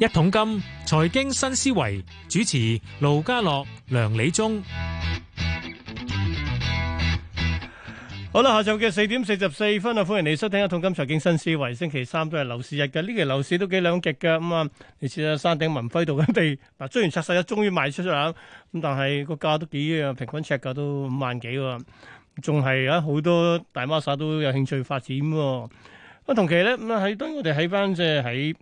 一桶金財經新思維，主持盧家樂、梁理中，好啦，下晝嘅四點四十四分啊，歡迎你收聽一桶金財經新思維。星期三都係樓市日嘅，呢期樓市都幾兩極嘅咁啊。你睇下山頂文暉道嘅地，嗱，雖然拆晒一，終於賣出啦，咁但係個價都幾啊，平均尺價都五萬幾喎，仲係啊好多大孖沙都有興趣發展喎。啊，同期咧咁啊，喺當我哋喺翻即係喺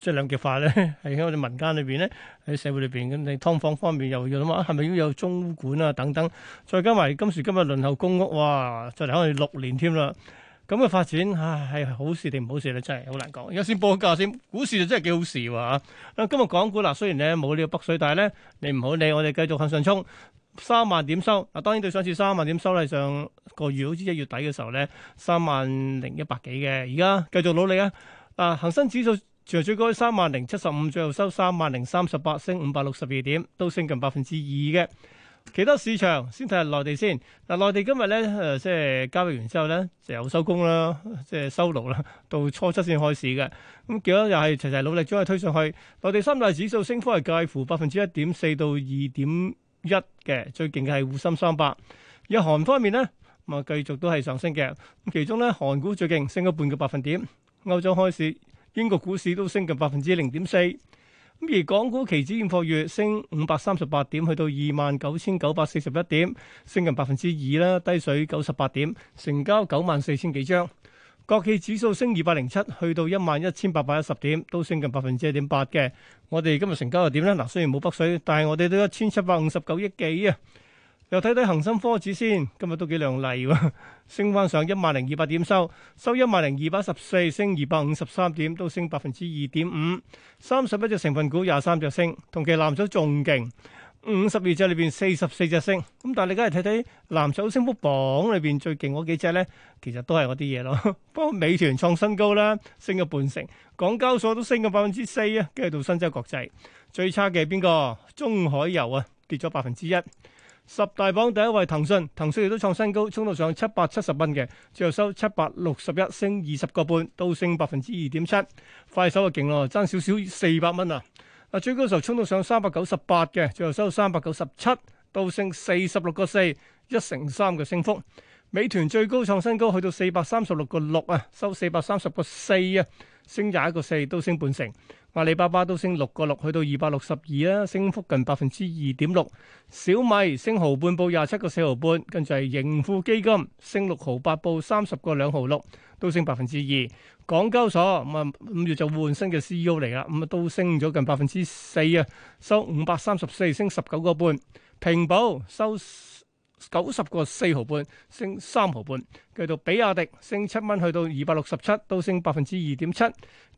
即係兩極化咧，喺我哋民間裏邊咧，喺社會裏邊咁，你劏房方面又要諗啊，係咪要有中管啊等等，再加埋今時今日輪候公屋，哇，就可能六年添啦，咁嘅發展啊，係好事定唔好事咧，真係好難講。有線報價先，股市就真係幾好事喎嚇。啊，今日港股嗱，雖然咧冇呢個北水，但係咧你唔好理，我哋繼續向上衝。三萬點收嗱，當然對上次三萬點收係上個月，好似一月底嘅時候咧，三萬零一百幾嘅。而家繼續努力啊！啊，恒生指數除咗最高三萬零七十五，最後收三萬零三十八，升五百六十二點，都升近百分之二嘅。其他市場先睇下內地先嗱、啊，內地今日咧誒，即、呃、係、就是、交易完之後咧就有收工啦，即、就、係、是、收爐啦，到初七先開始嘅。咁結果又係齊齊努力將佢推上去。內地三大指數升幅係介乎百分之一點四到二點一嘅最勁嘅係滬深三百，日韓方面咧，咁啊繼續都係上升嘅。咁其中咧，韓股最勁，升咗半個百分點。歐洲開市，英國股市都升近百分之零點四。咁而港股期指現貨月升五百三十八點，去到二萬九千九百四十一點，升近百分之二啦，低水九十八點，成交九萬四千幾張。國企指數升二百零七，去到一萬一千八百一十點，都升近百分之一點八嘅。我哋今日成交又點呢？嗱，雖然冇北水，但係我哋都一千七百五十九億幾啊。又睇睇恒生科指先，今日都幾亮麗喎，升翻上一萬零二百點收，收一萬零二百十四，升二百五十三點，都升百分之二點五。三十一隻成分股，廿三隻升，同期藍籌仲勁。五十二隻裡邊四十四隻升，咁但係你梗係睇睇藍籌升幅榜裡邊最勁嗰幾隻咧，其實都係嗰啲嘢咯。不過美團創新高啦，升咗半成；港交所都升咗百分之四啊，跟住到新洲國際最差嘅係邊個？中海油啊，跌咗百分之一。十大榜第一位騰訊，騰訊亦都創新高，衝到上七百七十蚊嘅，最後收七百六十一，升二十個半，都升百分之二點七。快手就勁咯，爭少少四百蚊啊！啊，最高時候衝到上三百九十八嘅，最後收到三百九十七，都升四十六個四，一成三嘅升幅。美團最高創新高去到四百三十六個六啊，收四百三十個四啊，升廿一個四，都升半成。阿里巴巴都升六個六，去到二百六十二啦，升幅近百分之二點六。小米升毫半報廿七個四毫半，跟住係盈富基金升六毫八報三十個兩毫六，都升百分之二。港交所咁啊，五月就換新嘅 CEO 嚟啦，咁啊都升咗近百分之四啊，收五百三十四，升十九個半。平保收。九十個四毫半，升三毫半。繼續比亞迪升七蚊，去到二百六十七，都升百分之二點七。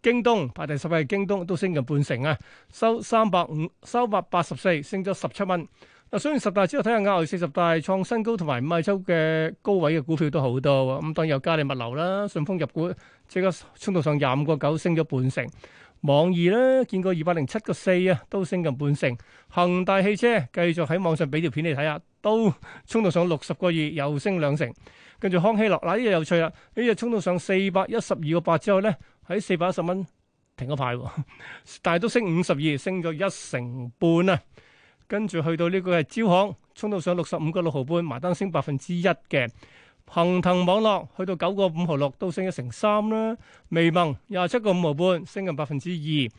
京東排第十位，京東都升近半成啊，收三百五，收三百八十四，升咗十七蚊。嗱，雖然十大之後睇下，額外四十大創新高同埋五日周嘅高位嘅股票都好多。咁、嗯、當然有嘉里物流啦，順豐入股，即刻衝到上廿五個九，升咗半成。網易咧，見過二百零七個四啊，都升近半成。恒大汽車繼續喺網上俾條片你睇下，都衝到上六十個二，又升兩成。跟住康希諾，嗱呢日有趣啦，呢日衝到上四百一十二個八之後咧，喺四百一十蚊停咗牌、啊，但係都升五十二，升咗一成半啊。跟住去到呢個係招行，衝到上六十五個六毫半，埋單升百分之一嘅。鵬騰網絡去到九個五毫六，都升一成三啦。微盟廿七個五毫半，升近百分之二。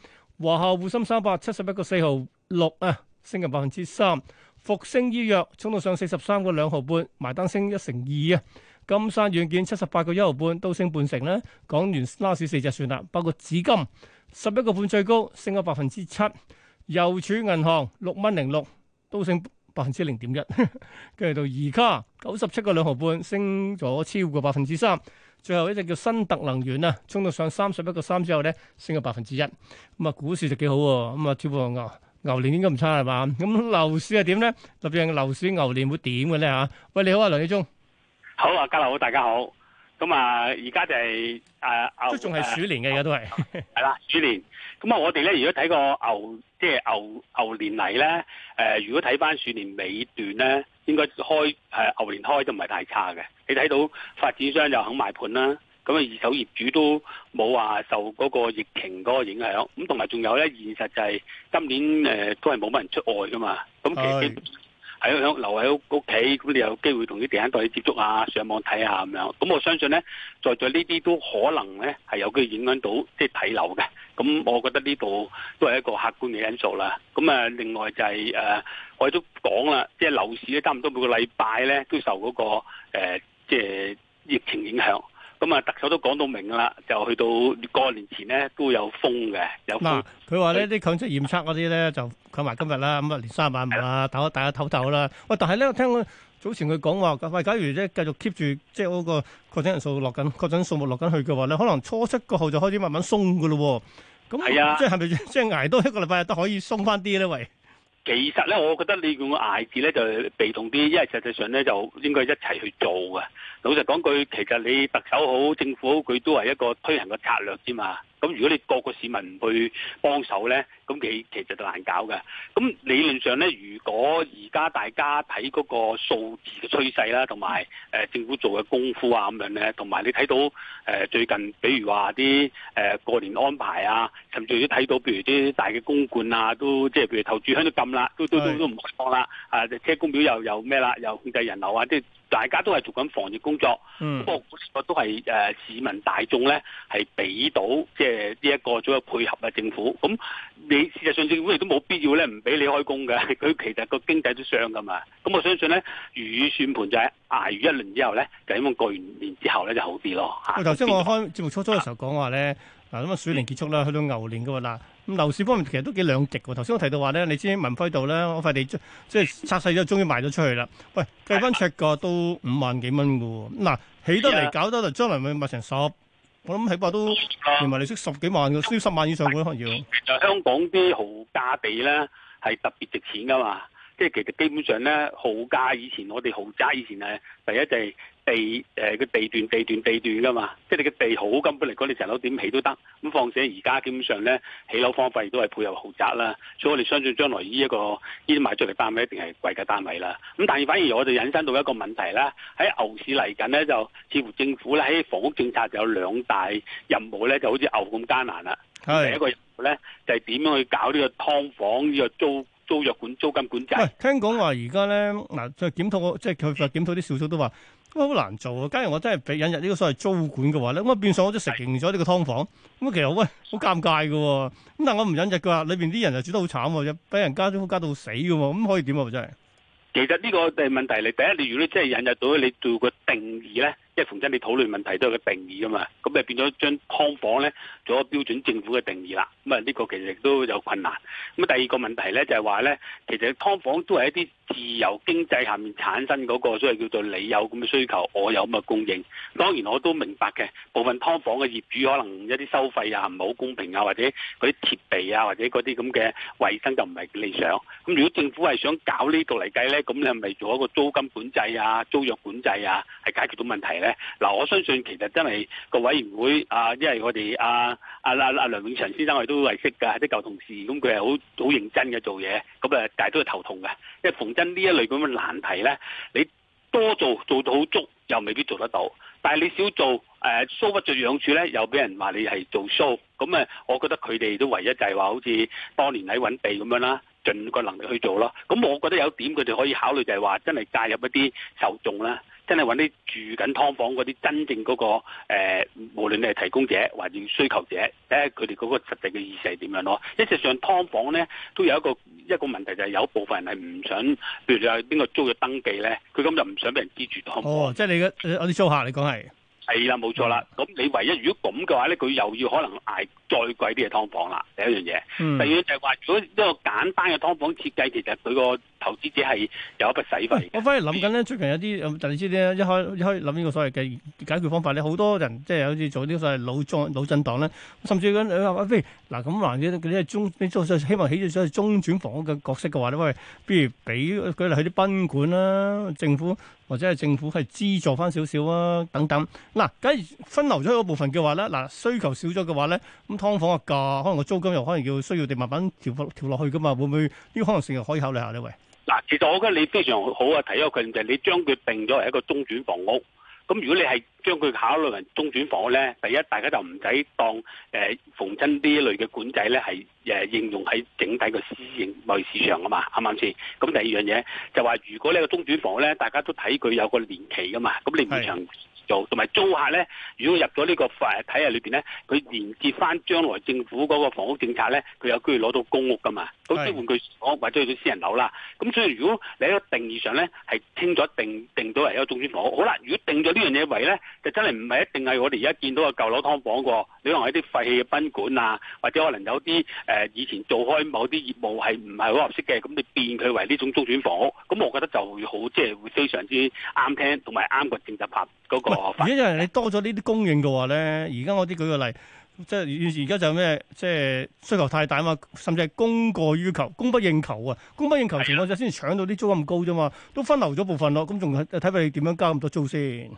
華夏滬深三百七十一個四毫六啊，升近百分之三。復星醫藥沖到上四十三個兩毫半，埋單升一成二啊。金山軟件七十八個一毫半，都升半成啦。講完 last 四隻算啦，包括紫金十一個半最高，升咗百分之七。郵儲銀行六蚊零六，都升。百分之零點一，跟住 到而家九十七個兩毫半，5, 升咗超過百分之三。最後一隻叫新特能源啊，衝到上三十一個三之後咧，升咗百分之一。咁啊、嗯，股市就幾好喎。咁啊，超、嗯、破牛牛年應該唔差係嘛？咁樓市係點咧？特別係樓市牛年會點嘅咧吓？喂，你好啊，梁理中。好啊，家樓好，大家好。咁啊，而家就係、是、誒牛，即仲係鼠年嘅，而家都係係啦，鼠年。咁啊，我哋咧如果睇個牛，即係牛牛年嚟咧，誒、呃，如果睇翻鼠年尾段咧，應該開誒、呃、牛年開都唔係太差嘅。你睇到發展商又肯賣盤啦，咁啊，二手業主都冇話受嗰個疫情嗰個影響。咁同埋仲有咧，現實就係今年誒、呃、都係冇乜人出外噶嘛。咁其實哦。哎喺喺留喺屋屋企，咁你有機會同啲地產代理接觸啊，上網睇下咁樣。咁我相信咧，在在呢啲都可能咧係有機會影響到即係睇樓嘅。咁我覺得呢度都係一個客觀嘅因素啦。咁啊，另外就係、是、誒、呃，我哋都講啦，即、就、係、是、樓市咧，差唔多每個禮拜咧都受嗰、那個即係、呃就是、疫情影響。咁啊，特首都講到明啦，就去到過年前咧都有封嘅，有封。佢話、啊、呢啲以強制驗測嗰啲咧就佢埋今日啦，咁啊，年卅晚啊，唞啊，大家唞唞啦。喂，但係咧，我聽早前佢講話，喂，假如即係繼續 keep 住即係嗰個確診人數落緊，確診數目落緊去嘅話咧，可能初七個號就開始慢慢鬆嘅咯喎。咁即係係咪即係挨多一個禮拜日都可以鬆翻啲咧？喂！其實呢，我覺得你用捱字呢就被動啲，因為實際上呢就應該一齊去做㗎。老實講句，其實你特首好，政府好，佢都係一個推行嘅策略啫嘛。咁如果你個個市民唔去幫手咧，咁其其實就難搞嘅。咁理論上咧，如果而家大家睇嗰個數字嘅趨勢啦、啊，同埋誒政府做嘅功夫啊，咁樣咧，同埋你睇到誒、呃、最近，比如話啲誒過年安排啊，甚至於睇到，譬如啲大嘅公館啊，都即係譬如頭炷香都禁啦，都是的 都都都唔開放啦，啊車公廟又又咩啦，又控制人流啊，即係。大家都係做緊防疫工作，咁、嗯、我個都係誒市民大眾咧係俾到即係呢一個，仲有配合嘅政府。咁你事實上政府亦都冇必要咧唔俾你開工嘅，佢其實個經濟都傷噶嘛。咁我相信咧，如意算盤就係挨完一輪之後咧，就希望過完年之後咧就好啲咯。頭先我開節目初初嘅時候講話咧，嗱，咁啊鼠年結束啦，去到牛年噶啦。咁樓市方面其實都幾兩極嘅。頭先我提到話咧，你知文輝道咧嗰塊地即，即係拆細咗，終於賣咗出去啦。喂，計翻尺個都五萬幾蚊嘅。嗱，起得嚟，搞得嚟，將來咪賣成十。我諗起碼都原埋利息十幾萬嘅，需要十萬以上可能要。就香港啲豪宅地咧，係特別值錢噶嘛。即係其實基本上咧，豪家、豪宅以前我哋豪宅以前係第一就係地誒個、呃、地段、地段、地段噶嘛。即係你嘅地好，根本嚟講你成樓點起都得。咁況且而家基本上咧，起樓方費都係配合豪宅啦，所以我哋相信將來呢、呢、一個呢啲賣出嚟單位一定係貴嘅單位啦。咁但係反而我哋引申到一個問題啦，喺牛市嚟緊咧，就似乎政府咧喺房屋政策就有兩大任務咧，就好似牛咁艱難啦。是第一個任務咧就係、是、點樣去搞呢個劏房呢、呢個租？租約管租金管制，喂，聽講話而家咧，嗱，即係檢討，即係佢就檢討啲小組都話，咁好難做啊！假如我真係俾引入呢個所謂租管嘅話咧，咁啊變相我都食完咗呢個劏房，咁啊是的 其實喂好尷尬噶、哦，咁但係我唔引入噶，裏邊啲人又煮得好慘，俾人加租加到死噶，咁可以點啊？真係，其實呢個誒問題嚟，第一你如果你真係引入到你做個定義咧。即係從真，你討論問題都有個定義啊嘛，咁你變咗將劏房呢做一個標準政府嘅定義啦。咁啊呢個其實亦都有困難。咁第二個問題呢，就係、是、話呢，其實劏房都係一啲自由經濟下面產生嗰、那個，所以叫做你有咁嘅需求，我有咁嘅供應。當然我都明白嘅，部分劏房嘅業主可能一啲收費啊唔係好公平啊，或者嗰啲設備啊或者嗰啲咁嘅衞生就唔係理想。咁如果政府係想搞呢度嚟計呢，咁你係咪做一個租金管制啊、租約管制啊，係解決到問題啊？嗱，我相信其實真係個委員會啊，因為我哋阿阿阿阿梁永祥先生我，我哋都係識㗎，係啲舊同事，咁佢係好好認真嘅做嘢，咁、嗯、啊，但係都係頭痛嘅，因為逢真呢一類咁嘅難題咧，你多做做到好足，又未必做得到，但係你少做，誒、呃，搔不著癢處咧，又俾人話你係做 show，咁啊，我覺得佢哋都唯一就係話，好似當年喺揾地咁樣啦，盡個能力去做咯，咁、嗯、我覺得有點佢哋可以考慮就係話，真係介入一啲受眾啦。真係揾啲住緊劏房嗰啲真正嗰、嗰個誒、呃，無論你係提供者或者需求者，睇下佢哋嗰個實際嘅意識係點樣咯。一隻上劏房咧，都有一個一個問題，就係有部分人係唔想，譬如你話邊個租咗登記咧，佢咁就唔想俾人知住劏房。哦，即係你嗰啲租客，你講係係啦，冇錯啦。咁你唯一如果咁嘅話咧，佢又要可能捱。再貴啲嘅劏房啦，第一樣嘢。第二就係話，如果一個簡單嘅劏房設計，其實佢個投資者係有一筆使費。我反而諗緊咧，最近有啲就你知咧，一開一開諗呢個所謂嘅解決方法咧，好多人即係好似做啲所謂腦腦震盪咧，甚至咁你話譬如嗱，咁或者佢啲中中希望起咗所謂中轉房屋嘅角色嘅話咧，喂、哎，不如俾舉例喺啲賓館啦、啊，政府或者係政府係資助翻少少啊，等等。嗱、哎，假如分流咗嗰部分嘅話咧，嗱、哎、需求少咗嘅話咧，咁、嗯。房嘅價，可能個租金又可能要需要你慢慢調翻調落去噶嘛？會唔會呢個可能性又可以考慮下呢位。嗱，其實我覺得你非常好啊！提一個問題，你將佢定咗為一個中轉房屋。咁如果你係將佢考慮為中轉房屋咧，第一大家就唔使當誒、呃、逢親呢一類嘅管制咧，係誒、呃、應用喺整體個私營內市場啊嘛，啱唔啱先？咁 第二樣嘢就話，如果呢個中轉房屋咧，大家都睇佢有個年期噶嘛，咁你唔長。做同埋租客咧，如果入咗呢個法體系裏邊咧，佢連接翻將來政府嗰個房屋政策咧，佢有機會攞到公屋㗎嘛？咁即係換句講，或者係做私人樓啦。咁所以如果你喺個定義上咧，係清咗定定咗係一個中轉房屋。好啦，如果定咗呢樣嘢為咧，就真係唔係一定係我哋而家見到嘅舊樓劏房喎。你可能喺啲廢棄嘅賓館啊，或者可能有啲誒、呃、以前做開某啲業務係唔係好合適嘅，咁你變佢為呢種中轉房屋，咁我覺得就會好即係會非常之啱聽同埋啱個政策拍嗰、嗰個如果有人你多咗呢啲供應嘅話咧，而家我啲舉個例，即係而家就咩，即係需求太大啊嘛，甚至係供過於求，供不應求啊，供不應求情況就先搶到啲租咁高啫嘛，都分流咗部分咯，咁仲睇下你點樣交咁多租先。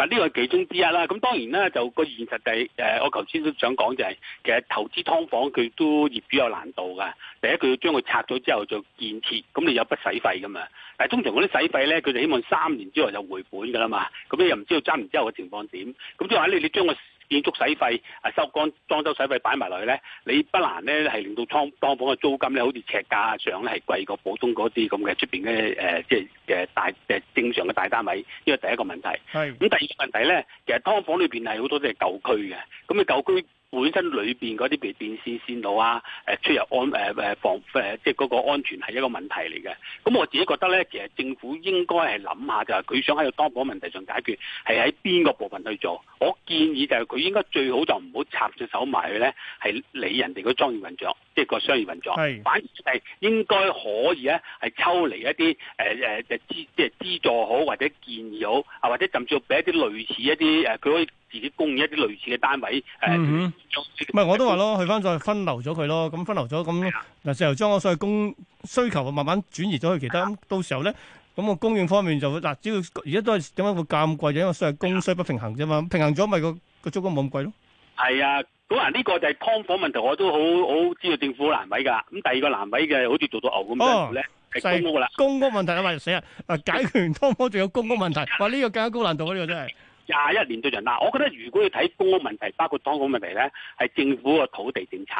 嗱，呢個係其中之一啦。咁當然啦，就個現實係誒、呃，我頭先都想講就係、是，其實投資劏房佢都業主有難度㗎。第一，佢要將佢拆咗之後再建設，咁你有筆使費㗎嘛？但係通常嗰啲使費咧，佢哋希望三年之後就回本㗎啦嘛。咁你又唔知道爭完之後嘅情況點？咁即係話你你將個。建築使費啊，收光裝修使費擺埋落去咧，你不難咧係令到劏劏房嘅租金咧，好似尺價上咧係貴過普通嗰啲咁嘅出邊嘅誒，即係嘅大嘅正常嘅大單位，呢個第一個問題。係咁 第二個問題咧，其實劏房裏邊係好多都係舊區嘅，咁啊舊區。本身裏邊嗰啲譬如電線線路啊，誒出入安誒誒、呃、防誒、呃，即係嗰個安全係一個問題嚟嘅。咁我自己覺得咧，其實政府應該係諗下，就係佢想喺個劏房問題上解決，係喺邊個部分去做？我建議就係佢應該最好就唔好插隻手埋去咧，係理人哋嗰商業運作，即、就、係、是、個商業運作。係是，反而係應該可以咧，係抽離一啲誒誒誒資，即係資助好，或者建議好，啊或者甚至要俾一啲類似一啲誒，佢可以。自己供嘅一啲類似嘅單位，誒唔係我都話咯，去翻再分流咗佢咯。咁分流咗咁嗱，時候將我再供需求慢慢轉移咗去其他。咁到時候咧，咁個供應方面就會嗱，只要而家都係點解會咁貴，就因為所謂供需不平衡啫嘛。平衡咗咪個個租金冇咁貴咯。係啊，嗰個呢個就係劏房問題，我都好好知道政府好難為㗎。咁第二個難為嘅，好似做到牛咁樣咧，係公屋啦。公屋問題啊嘛死啊！解決完劏房仲有公屋問題，話呢個更加高難度啊！呢個真係。廿一年對人嗱，我覺得如果要睇公屋問題，包括當局問題咧，係政府個土地政策。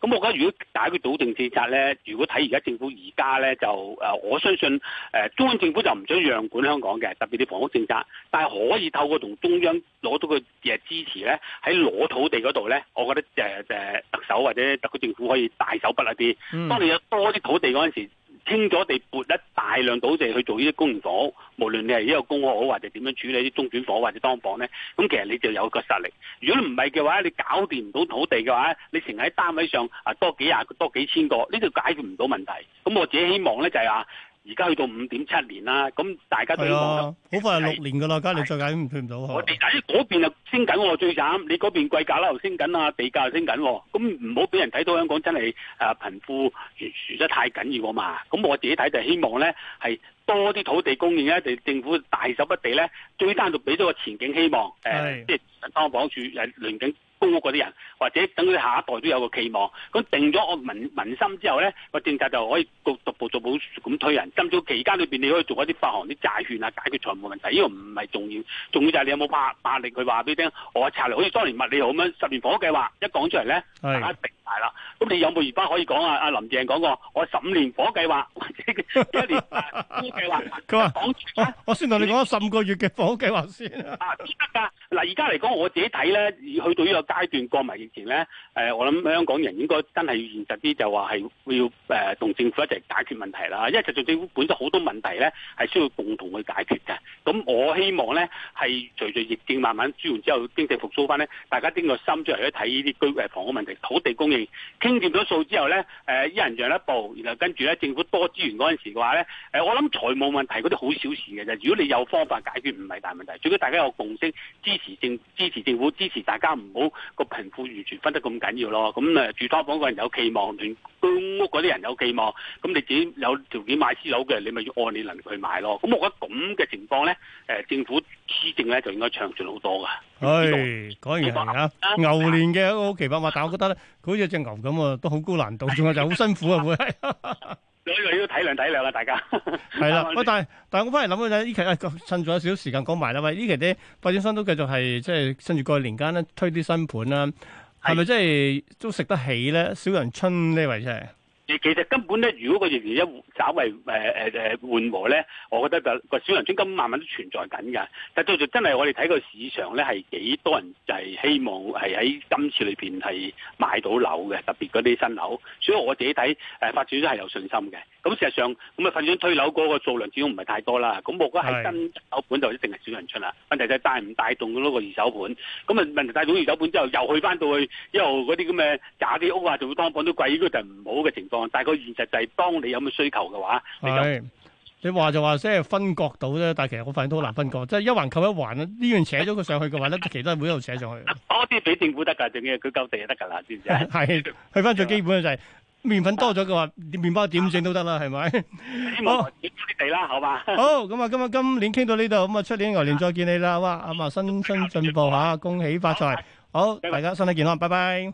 咁我覺得如果解決土地政策咧，如果睇而家政府而家咧就誒，我相信誒中央政府就唔想讓管香港嘅，特別啲房屋政策，但係可以透過同中央攞到個誒支持咧，喺攞土地嗰度咧，我覺得誒誒特首或者特區政府可以大手筆一啲。當你有多啲土地嗰陣時。清咗地撥一大量土地去做呢啲公營房屋，無論你係一個公屋好，或者點樣處理啲中轉房或者當房咧，咁其實你就有個實力。如果唔係嘅話，你搞掂唔到土地嘅話，你成喺單位上啊多幾廿多幾千個，呢度解決唔到問題。咁我自己希望咧就係話。而家去到五點七年啦，咁大家都好快六年噶啦，家你再解都對唔到嗬。我哋嗱，因為嗰邊又升緊喎，最慘。你嗰邊貴價樓升緊啊，地價又升緊。咁唔好俾人睇到香港真係誒貧富懸殊得太緊要嘛。咁我自己睇就希望咧，係多啲土地供應咧，地政府大手筆地咧，最單獨俾咗個前景希望誒的、呃，即係當房處誒聯景。高嗰啲人，或者等佢下一代都有個期望，咁定咗我民民心之後咧，個政策就可以逐逐步逐步咁推人。今早期間裏邊，你可以做一啲發行啲債券啊，解決財務問題。呢個唔係重要，重要就係你有冇霸壓力？佢話俾你聽，我拆嚟好似當年物理咁樣，十年房屋計劃一講出嚟咧，係。係啦，咁、 嗯、你有冇而家可以講啊？阿林鄭講過，我十五年火計劃或者一年火計劃。佢話講住我，我先同你講十五個月嘅火計劃先。啊，得噶、啊，嗱，而家嚟講我自己睇咧，去到呢個階段過埋疫情咧，誒、呃，我諗香港人應該真係現實啲，就話係要誒同、呃、政府一齊解決問題啦。因為就政府本身好多問題咧，係需要共同去解決嘅。咁我希望咧係隨住疫症慢慢轉完之後，經濟復甦翻咧，大家拎個心出嚟去睇呢啲居誒房屋問題、土地供。傾掂咗數之後咧，誒、呃、一人讓一步，然後跟住咧政府多資源嗰陣時嘅話咧，誒、呃、我諗財務問題嗰啲好小事嘅啫，如果你有方法解決唔係大問題，只要大家有共識支持政支持政府支持大家唔好個貧富完全分得咁緊要咯，咁啊住劏房嘅人有期望暖。公屋嗰啲人有寄望，咁你自己有條件買私樓嘅，你咪要按你能力去買咯。咁我覺得咁嘅情況咧，誒政府施政咧，就應該暢順好多噶。唉講完嚇，牛年嘅一個好奇怪嘛，但係我覺得咧，好似隻牛咁啊，都好高難度，仲有就好辛苦啊！會，所以你要體諒體諒啦，大家。係啦，不過但係但係我翻嚟諗下咧，呢期啊趁咗少少時間講埋啦，喂，呢期啲發展商都繼續係即係趁住過去年間咧推啲新盤啦。係咪真係都食得起咧？小陽春呢位真、就、係、是。其實根本咧，如果個疫情一稍微誒誒誒緩和咧，我覺得就個小陽春咁慢慢都存在緊㗎。但係到時真係我哋睇個市場咧，係幾多人就係希望係喺今次裏邊係買到樓嘅，特別嗰啲新樓。所以我自己睇誒發展都係有信心嘅。咁事實上，咁啊，發展商推樓嗰個數量始終唔係太多啦。咁如果係一手盤就一定係少人出啦。問題就係帶唔帶動嗰個二手盤？咁啊問題帶動二手盤之後，又去翻到去一路嗰啲咁嘅假啲屋啊，仲會當房都貴，呢個就唔好嘅情況。但係個現實就係，當你有咁嘅需求嘅話，你就話就話即係分割到啫。但係其實我發現都好難分割。即係 一環扣一環，呢樣扯咗佢上去嘅話咧， 其他會一路扯上去。多啲俾政府得㗎，淨係佢夠地就得㗎啦，知唔知？係， 去翻最基本嘅就係、是。 麵粉多咗嘅話，麵包點整都得啦，係咪？好，點多啲地啦，好嘛？好，咁啊，今日今年傾到呢度，咁啊，出年牛年再見你啦，哇！咁啊，新春進步吓，恭喜發財，好，大家身體健康，拜拜。